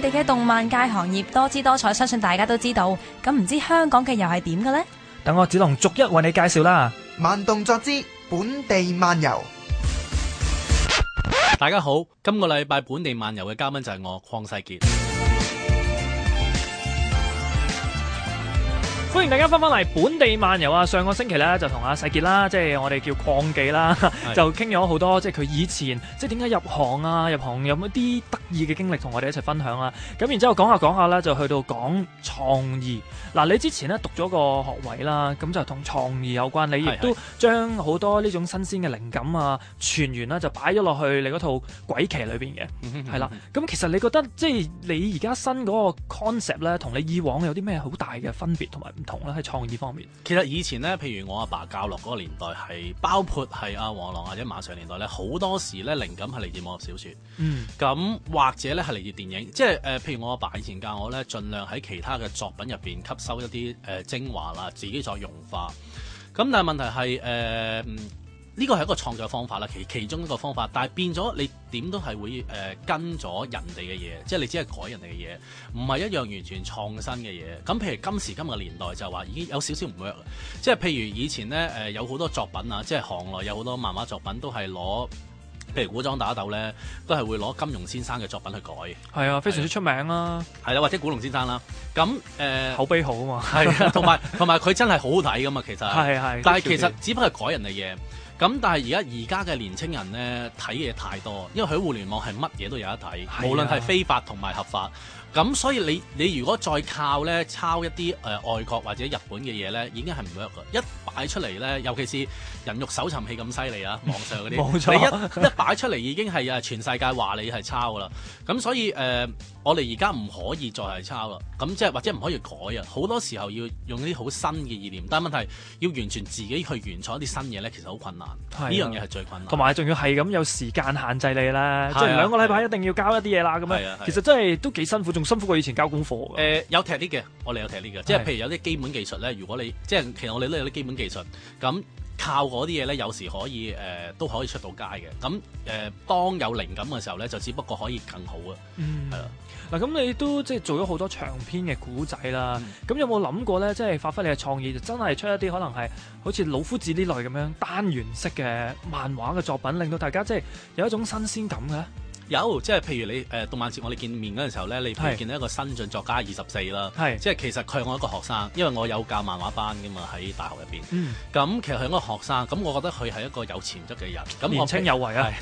你哋嘅動漫界行業多姿多彩，相信大家都知道。咁唔知香港嘅又係點嘅呢？等我只能逐一為你介紹啦！慢動作之本地漫遊。大家好，今個禮拜本地漫遊嘅嘉賓就係我，鄺世傑。歡迎大家翻返嚟。本地漫遊啊，上個星期咧就同阿世傑啦，即係我哋叫鄺記啦，的 就傾咗好多，即係佢以前即係點解入行啊，入行有冇啲得意嘅經歷，同我哋一齊分享啊。咁然之後講下講下咧，就去到講創意。嗱、啊，你之前咧讀咗個學位啦，咁就同創意有關。你亦都將好多呢種新鮮嘅靈感啊，傳完啦，就擺咗落去你嗰套鬼劇裏邊嘅，係啦。 咁其實你覺得即係你而家新嗰個 concept 咧，同你以往有啲咩好大嘅分別同埋？同咧喺創意方面，其實以前咧，譬如我阿爸教落嗰個年代，係包括係阿黃龍或者馬上年代咧，好多時咧靈感係嚟自網絡小説，嗯，咁或者咧係嚟自電影，即係誒、呃，譬如我阿爸以前教我咧，盡量喺其他嘅作品入邊吸收一啲誒、呃、精華啦，自己再融化，咁但係問題係誒。呃嗯呢個係一個創作方法啦，其其中一個方法，但係變咗你點都係會誒跟咗人哋嘅嘢，即係你只係改人哋嘅嘢，唔係一樣完全創新嘅嘢。咁譬如今時今日嘅年代就話已經有少少唔 work，即係譬如以前咧誒、呃、有好多作品啊，即係行內有好多漫畫作品都係攞，譬如古裝打鬥咧都係會攞金庸先生嘅作品去改，係啊，非常之出名啦、啊，係啦、啊，或者古龍先生啦、啊，咁誒、呃、口碑好啊嘛，係、 啊，同埋同埋佢真係好好睇噶嘛，其實係係，啊啊啊、但係其實只不過係改人哋嘢。咁但係而家而家嘅年青人呢，睇嘢太多，因為佢互聯網係乜嘢都有得睇，啊、無論係非法同埋合法。咁、嗯、所以你你如果再靠咧抄一啲誒、呃、外國或者日本嘅嘢咧，已經係唔得嘅。一擺出嚟咧，尤其是人肉搜尋器咁犀利啊，網上嗰啲，冇錯 沒錯 一一擺出嚟已經係誒全世界話你係抄噶啦。咁、嗯、所以誒、呃、我哋而家唔可以再係抄啦。咁即係或者唔可以改啊。好多時候要用啲好新嘅意念，但係問題要完全自己去原創一啲新嘢咧，其實好困難係。呢樣嘢係最困難。同埋仲要係咁有時間限制你啦，即係兩個禮拜一定要交一啲嘢啦咁樣。其實真係都幾辛苦。仲辛苦過以前交功課，誒、呃，有踢啲嘅，我哋有踢啲嘅，即係譬如有啲基本技術咧。如果你即係其實我哋都有啲基本技術，咁靠嗰啲嘢咧，有時可以誒、呃，都可以出到街嘅。咁誒、呃，當有靈感嘅時候咧，就只不過可以更好、嗯、的啊。嗯，係啦。嗱，咁你都即係做咗好多長篇嘅古仔啦。咁、嗯、有冇諗過咧，即係發揮你嘅創意，就真係出一啲可能係好似《老夫子》呢類咁樣單元式嘅漫畫嘅作品，令到大家即係有一種新鮮感嘅？有即係，譬如你誒動漫節，我哋見面嗰陣時候咧，你譬如見到一個新進作家二十四啦，是即係其實佢係我一個學生，因為我有教漫畫班嘅嘛喺大學入邊。咁、嗯、其實佢係一個學生，咁我覺得佢係一個有潛質嘅人。年青有為啊！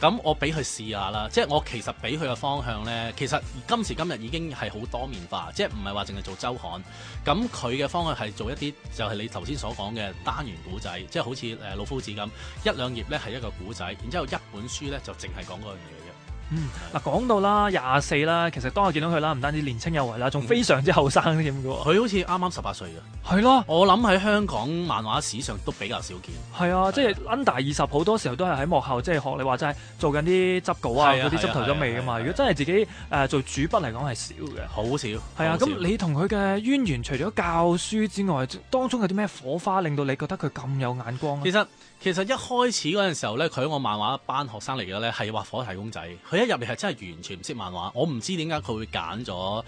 咁我俾佢試下啦，即係我其實俾佢嘅方向呢，其實今時今日已經係好多面化，即係唔係話淨係做周刊。咁佢嘅方向係做一啲就係你頭先所講嘅單元古仔，即係好似老夫子咁一,一兩頁呢係一個古仔，然之後一本書呢就淨係講嗰樣嘢。嗯，嗱，講到啦，廿四啦，其實當我見到佢啦，唔單止年青有為啦，仲非常之後生添嘅。佢好似啱啱十八歲嘅。係咯，我諗喺香港漫畫史上都比較少見。係啊，即係 under 二十，好多時候都係喺幕後，即係學你話齋做緊啲執稿啊，嗰啲執頭執尾㗎嘛。如果真係自己誒做主筆嚟講係少嘅，好少。係啊，咁你同佢嘅淵源，除咗教書之外，當中有啲咩火花令到你覺得佢咁有眼光？其實其實一開始嗰陣時候咧，佢喺我漫畫班學生嚟嘅咧，係畫火柴公仔，一入嚟係真係完全唔識漫畫，我唔知點解佢會揀咗誒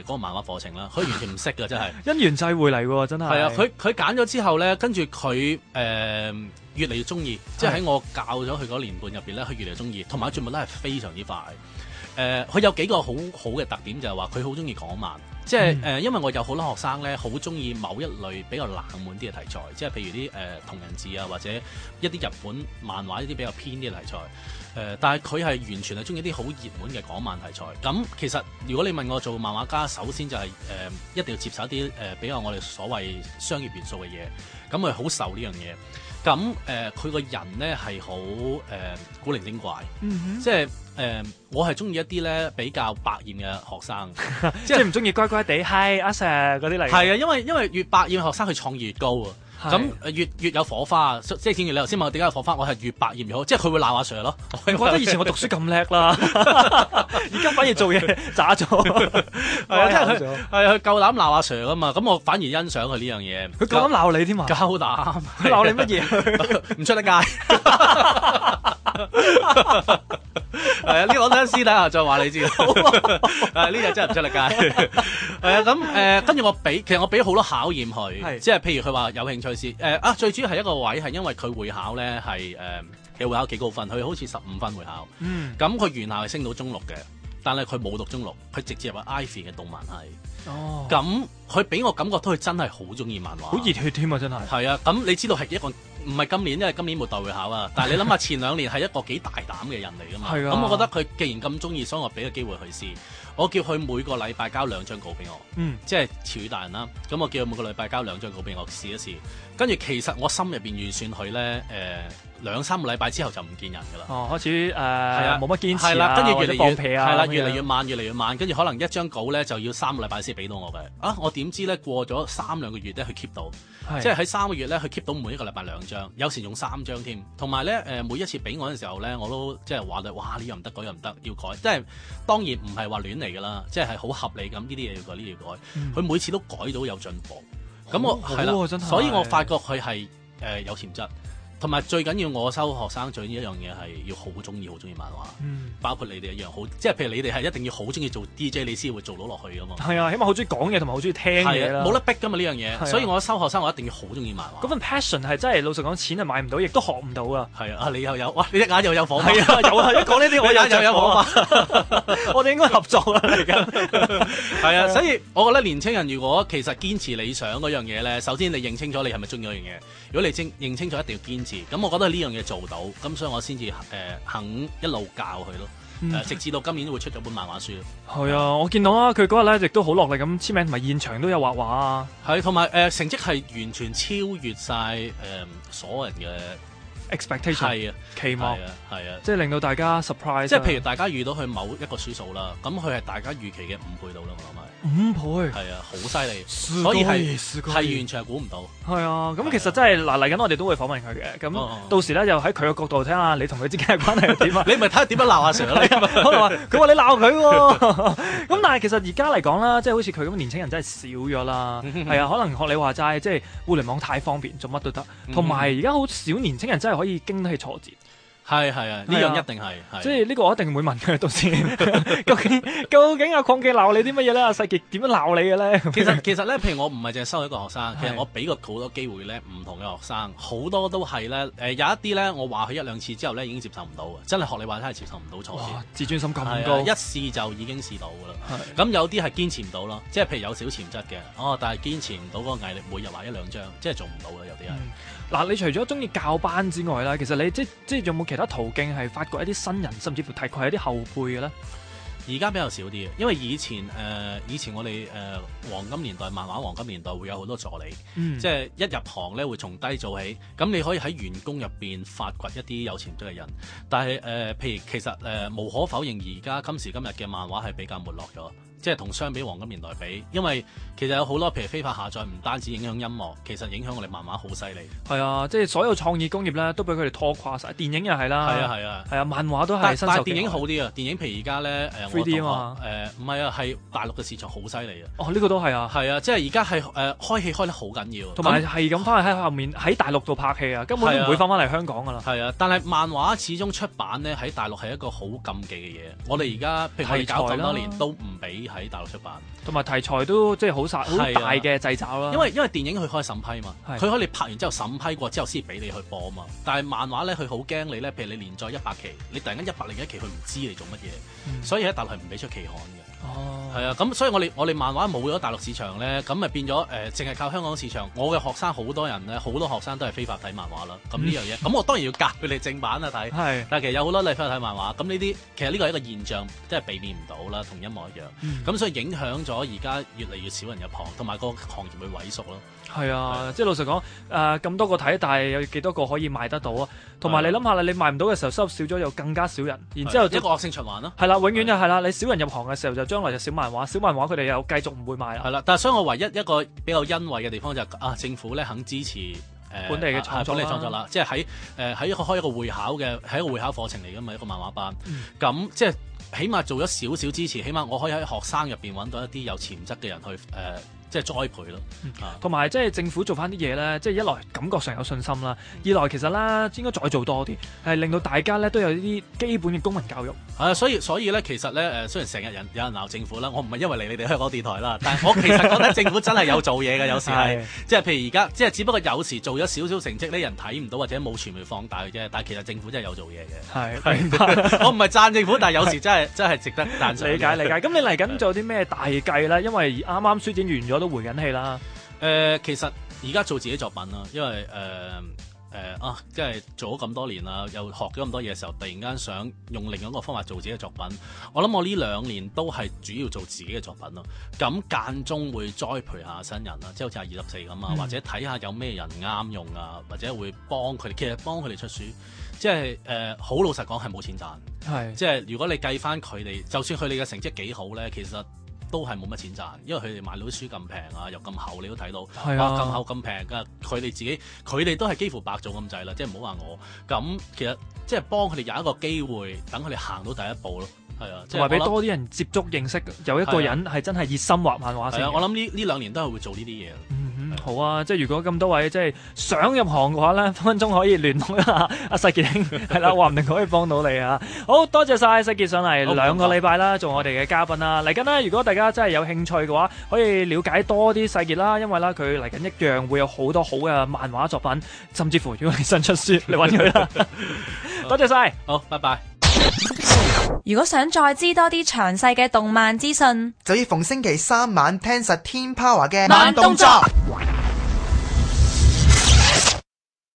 嗰個漫畫課程啦。佢完全唔識嘅，真係 因緣際會嚟喎，真係。係啊，佢佢揀咗之後咧，跟住佢誒越嚟越中意，即係喺我教咗佢嗰年半入邊咧，佢越嚟越中意，同埋進步咧係非常之快。誒，佢、呃、有幾個好好嘅特點，就係話佢好中意港漫，即係誒、嗯呃，因為我有好多學生咧，好中意某一類比較冷門啲嘅題材，即係譬如啲誒、呃、同人誌啊，或者一啲日本漫畫呢啲比較偏啲嘅題材，誒、呃，但係佢係完全係中意啲好熱門嘅港漫題材。咁、嗯、其實如果你問我做漫畫家，首先就係、是、誒、呃、一定要接受一啲誒，比較我哋所謂商業元素嘅嘢，咁佢好受呢樣嘢。咁誒，佢個、呃、人咧係好誒古靈精怪，嗯、哼即係誒、呃、我係中意一啲咧比較百厭嘅學生，即係唔中意乖乖地嗨，阿 Sir 嗰啲嚟。係啊，因為因為越百厭嘅學生，佢創意越高啊。咁是越越有火花，即係正如你頭先問我點解有火花，我係越白熱越好，即係佢會鬧阿 Sir 咯。我覺得以前我讀書咁叻啦，而家 反而做嘢渣咗。係啊、 哎呀，係啊 佢夠膽鬧阿 Sir 啊嘛。咁我反而欣賞佢呢樣嘢。佢夠，夠膽鬧你添嘛？夠膽佢鬧你乜嘢？唔出得街。係啊，呢個、 uh, 我等私底下再話你知。誒呢日真係唔出力㗎。係啊，咁誒跟住我俾，其實我俾好多考驗佢，即係是譬如佢話有興趣試。誒啊，最主要係一個位係因為佢會考咧係誒，佢、嗯、會考幾高分，佢好似十五分會考。嗯，咁佢原校係升到中六嘅。但係佢冇讀中六，佢直接入去 ivy 嘅動漫系。哦。咁佢俾我感覺到佢真係好中意漫畫，好熱血添啊！真係。係啊，咁你知道係一個唔係今年，因為今年末代會考啊。但係你諗下，前兩年係一個幾大膽嘅人嚟㗎嘛。咁 我覺得佢既然咁中意，所以我俾個機會佢試。我叫佢每個禮拜交兩張稿俾我。嗯、即係潮語大人啦。咁我叫佢每個禮拜交兩張稿俾我試一試。跟住其實我心入邊預算佢咧誒。呃兩三個禮拜之後就唔見人㗎啦。哦，開始誒，係、呃、啊，冇乜堅持啊，跟住、啊、放屁啊，係啦、啊，越嚟越慢，越嚟越慢，跟住可能一張稿咧就要三個禮拜先俾到我嘅。啊，我點知咧，過咗三兩個月咧，佢 keep 到，是即係喺三個月咧佢 keep 到每一個禮拜兩張，有時用三張添。同埋咧誒每一次俾我嘅時候咧，我都即係話佢，哇！呢樣唔得，改又唔得，要改。即係當然唔係話亂嚟㗎啦，即係好合理咁呢啲嘢要改，呢啲、嗯、要改。佢每次都改到有進步，咁、嗯、我係啦，了所以我發覺佢係誒有潛質。同埋最緊要我收學生最緊要一樣嘢係要好中意好中意漫畫。嗯、包括你哋一樣好，即、就、係、是、譬如你哋係一定要好中意做 DJ，你先會做到落去噶嘛。係啊，起碼好中意講嘢同埋好中意聽嘢冇、啊、得逼噶嘛呢樣嘢。啊、所以我收學生，我一定要好中意漫畫。嗰份 passion 係真係老實講，錢係買唔到，亦都學唔到噶。係啊，你又有哇，你一眼又有火，嘛、 啊？有啊，一講呢啲我眼有就有火嘛。我哋應該合作啦，而家係啊，所以， 所以我覺得年青人如果其實堅持理想嗰樣嘢咧，首先你認清楚你係咪中意嗰樣嘢。如果你清認清楚，一定要堅。咁，我覺得呢樣嘢做到，咁所以我先至誒肯一路教佢咯。誒、嗯呃，直至到今年會出咗本漫畫書，係 啊，我見到啊，佢嗰日咧亦都好落力咁簽名，同埋現場都有畫畫啊，係，同埋誒成績係完全超越晒誒、呃、所有人嘅。expectation 係啊，期望啊，係啊，即係令到大家 surprise。即係譬如大家遇到佢某一個輸數啦，咁佢係大家預期嘅五倍到啦，我諗係五倍，係啊，好犀利，所以係係完全係估唔到。係啊，咁其實真係嗱嚟緊，啊啊、我哋都會訪問佢嘅。咁到時咧就喺佢嘅角度聽下，你同佢之間嘅關係點啊？ 你咪睇下點樣鬧阿 Sir 可能話佢，話你鬧佢喎。咁 但係其實而家嚟講啦，即係好似佢咁年輕人真係少咗啦。係 啊，可能學你話齋，即係互聯網太方便，做乜都得。同埋而家好少年輕人真係。可以經得起挫折。係，係啊，呢樣一定係，所以呢個我一定會問嘅，到時 究竟 究竟阿鄺記鬧你啲乜嘢咧？阿世傑點樣鬧你嘅咧？其實其實咧，譬如我唔係淨係收一個學生，的其實我俾過好多機會咧，唔同嘅學生好多都係咧，誒、呃、有一啲咧，我話佢一兩次之後咧，已經接受唔到嘅，真係學你話真係接受唔到挫折。哇！自尊心咁高，一試就已經試到㗎啦。咁的有啲係堅持唔到咯，即係譬如有小潛質嘅，哦，但係堅持唔到嗰個毅力，每日畫一兩張，即係做唔到嘅有啲係。嗱、嗯，你除咗中意教班之外咧，其實你即即係有冇其他途徑係發掘一啲新人，甚至乎包括一啲後輩嘅咧。而家比較少啲，因為以前誒、呃，以前我哋誒、呃、黃金年代漫畫黃金年代會有好多助理，嗯、即係一入行咧會從低做起。咁你可以喺員工入邊發掘一啲有潛質嘅人。但係誒、呃，譬如其實誒、呃，無可否認，而家今時今日嘅漫畫係比較沒落咗。即係同相比黃金年代比，因為其實有好多譬如非法下載，唔單止影響音樂，其實影響我哋漫畫好犀利。係啊，即係所有創意工業咧都俾佢哋拖垮晒。電影又係啦。係啊係啊，係啊漫畫都係。但係電影好啲啊！電影譬如而家咧，誒 3D 啊嘛，誒唔係啊，係大陸嘅市場好犀利啊。哦，呢個都係啊，係啊，即係而家係誒開戲開得好緊要，同埋係咁翻去喺後面喺大陸度拍戲啊，根本唔會翻翻嚟香港噶啦。係啊，但係漫畫始終出版咧喺大陸係一個好禁忌嘅嘢。我哋而家譬如我哋搞咁多年都唔俾。喺大陸出版，同埋題材都即係好大好大嘅掣肘咯。因為因為電影佢可以審批嘛，佢可以你拍完之後審批過之後先俾你去播嘛。但係漫畫咧，佢好驚你咧，譬如你連載一百期，你突然間一百零一期，佢唔知你做乜嘢，嗯、所以喺大陸係唔俾出期刊嘅。哦，係、oh. 啊，咁所以我哋我哋漫畫冇咗大陸市場咧，咁咪變咗誒，淨、呃、係靠香港市場。我嘅學生好多人咧，好多學生都係非法睇漫畫啦。咁呢樣嘢，咁 我當然要教佢哋正版啊睇。係， 但係其實有好多非法睇漫畫。咁呢啲其實呢個係一個現象，即係避免唔到啦，同一模一樣。咁 所以影響咗而家越嚟越少人入行，同埋個行業會萎縮咯。係啊，啊即係老實講，誒、呃、咁多個睇，但係有幾多個可以賣得到想想啊？同埋你諗下啦，你賣唔到嘅時候收入少咗，又更加少人，然之後、啊、一個惡性循環啦、啊。係啦、啊，永遠就係啦，你少人入行嘅時候，就將來就少漫畫，小漫畫佢哋又繼續唔會賣，係啦、啊。但係所以我唯一一個比較欣慰嘅地方就係、是、啊，政府咧肯支持誒、呃、本地嘅創作、啊啊，本地創作啦，即係喺誒喺開一個會考嘅，係一個會考課程嚟噶嘛，一個漫畫班，咁即係。起碼做咗少少支持，起碼我可以喺學生入邊揾到一啲有潛質嘅人去誒、呃，即係栽培咯。同埋即係政府做翻啲嘢咧，即、就、係、是、一來感覺上有信心啦，二來其實啦應該再做多啲，係、呃、令到大家咧都有一啲基本嘅公民教育。係、啊、所以所以咧其實咧誒，雖然成日人有人鬧政府啦，我唔係因為嚟你哋香港電台啦，但係我其實覺得政府真係有做嘢嘅， 有時係即係譬如而家即係，就是、只不過有時做咗少少成績，啲人睇唔到或者冇傳媒放大嘅啫。但係其實政府真係有做嘢嘅。係我唔係贊政府，但係有時真係。 真係值得 理，理解理解。咁你嚟緊做啲咩大計啦？呃、因為啱啱書展完咗都回緊氣啦。誒、呃，其實而家做自己作品啦，因為誒。呃誒、呃、啊！即係做咗咁多年啦，又學咗咁多嘢嘅時候，突然間想用另一個方法做自己嘅作品。我諗我呢兩年都係主要做自己嘅作品咯，咁間中會栽培下新人啦，即係好似阿二十四咁啊，或者睇下有咩人啱用啊，或者會幫佢哋，其實幫佢哋出書，即係誒好老實講係冇錢賺，係是即係如果你計翻佢哋，就算佢哋嘅成績幾好咧，其實。都係冇乜錢賺，因為佢哋買到啲書咁平啊，又咁厚，你都睇到，係啊，咁厚咁平嘅，佢哋自己，佢哋都係幾乎白做咁滯啦，即係唔好話我。咁其實即係幫佢哋有一個機會，等佢哋行到第一步咯。係啊，即係話俾多啲人接觸認識，有一個人係真係熱心畫漫畫嘅，我諗呢呢兩年都係會做呢啲嘢。好啊，即係如果咁多位即係想入行嘅話呢，分分鐘可以聯絡一下阿、啊、世傑兄，係啦、 啊，話唔定可以幫到你啊。好多謝晒世傑上嚟兩、oh, 個禮拜啦，做我哋嘅嘉賓啦。嚟緊呢，如果大家真係有興趣嘅話，可以了解多啲世傑啦，因為咧佢嚟緊一樣會有好多好嘅漫畫作品，甚至乎如果佢新出書，你揾佢啦。 多謝晒了，好，拜拜。如果想再知多啲詳細嘅動漫資訊，就要逢星期三晚聽實 Teen Power 嘅慢動作。